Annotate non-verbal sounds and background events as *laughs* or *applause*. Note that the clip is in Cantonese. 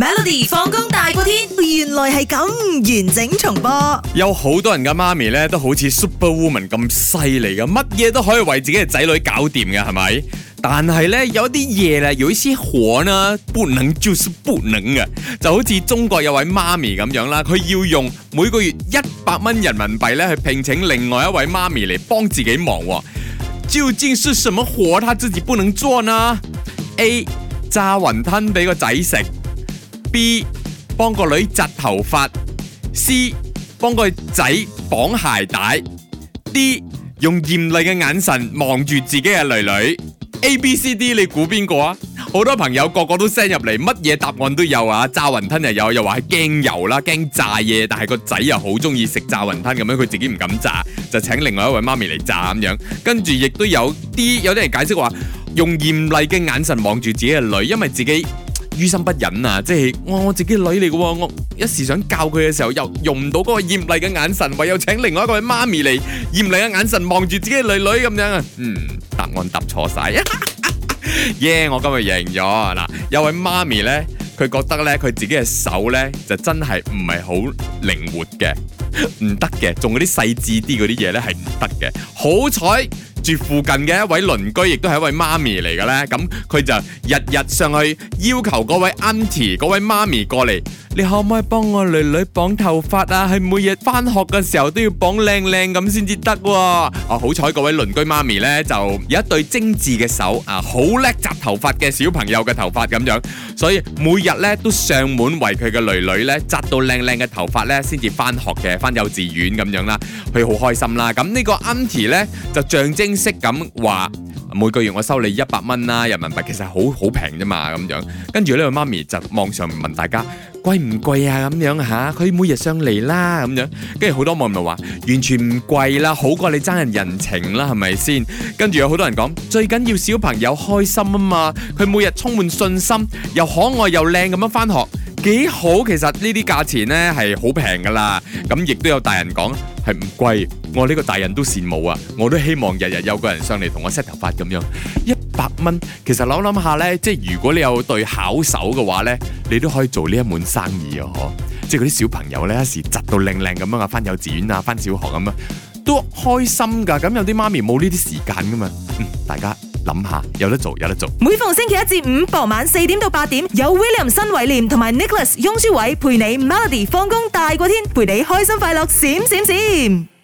Melody 放工大過天，原來係咁完整重播。有好多人嘅媽咪咧，都好似 Super Woman 咁犀利嘅，乜嘢都可以為自己嘅仔女搞掂嘅，係咪？但係咧，有啲嘢咧，有一些活呢不能就是不能嘅，就好似中國有位媽咪咁樣啦，佢要用每個月一百蚊人民幣咧去聘請另外一位媽咪嚟幫自己忙，啊。究竟是什麼活，他自己不能做呢？A 炸雲吞俾個仔食。B 幫個女紮頭髮，C 幫個仔綁鞋帶，D 用嚴厲嘅眼神望住自己嘅女女，A、B、C、D 你估邊個啊？好多朋友個個都 send 入嚟，乜嘢答案都有啊，炸雲吞又有，又話係驚油啦，驚炸嘢，但係個仔又好中意食炸雲吞，咁樣佢自己唔敢炸，就請另外一位媽咪嚟炸咁樣，跟住亦都有啲有啲人解釋話，用嚴厲嘅眼神望住自己嘅女，因為自己。於心不忍啊！即係我、哦、我自己女嚟嘅，我一時想教佢嘅時候又用唔到嗰個嚴厲嘅眼神，唯有請另外一個媽咪嚟嚴厲嘅眼神望住自己嘅女女咁樣啊！嗯，答案答錯晒，耶、 *laughs* yeah！我今日贏咗！嗱，有位媽咪咧，佢覺得咧佢自己嘅手咧就真係唔係好靈活嘅，唔得嘅，做嗰啲細緻啲嗰啲嘢咧係唔得嘅，好彩。附近嘅一位鄰居，亦都係一位媽咪嚟嘅咧。咁佢就日日上去要求嗰位 a u n t l e 嗰位媽咪過嚟。你可唔可以幫我女女綁頭髮啊？係每日翻學嘅時候都要綁靚靚咁先至得。啊，好彩！各位鄰居媽咪呢，就有一對精緻嘅手啊，好叻紮頭髮嘅小朋友嘅頭髮咁樣，所以每日呢，都上門為佢嘅女女呢紮到靚靚嘅頭髮呢，先至翻學嘅，翻幼稚園咁樣啦，佢好開心啦。咁呢個 Auntie 呢就象徵式咁話。每個月我收你一百蚊啦，人民幣其實好好平啫嘛咁樣。跟住呢個媽咪就網上問大家貴唔貴啊？咁樣吓，佢每日上嚟啦咁樣。跟住好多網民話完全唔貴啦，好過你爭人人情啦，係咪先？跟住有好多人講最緊要小朋友開心啊嘛，佢每日充滿信心，又可愛又靚咁樣返學。幾好，其實呢啲價錢呢係好平噶啦，咁亦都有大人講係唔貴，我呢個大人都羨慕啊，我都希望日日有個人上嚟同我 set 頭髮咁樣，一百蚊，其實諗諗下呢，即係如果你有對巧手嘅話呢，你都可以做呢一門生意哦，即係嗰啲小朋友呢，一時窒到靚靚咁樣啊，翻幼稚園啊，翻小學咁樣，都開心噶，咁有啲媽咪冇呢啲時間噶嘛，嗯，大家。諗下有得做有得做，得做。每逢星期一至五傍晚四點到八點，有 William 新維廉同埋 Nicholas 翁舒偉陪你 Melody 放工大過天，陪你開心快樂閃閃閃。閃閃閃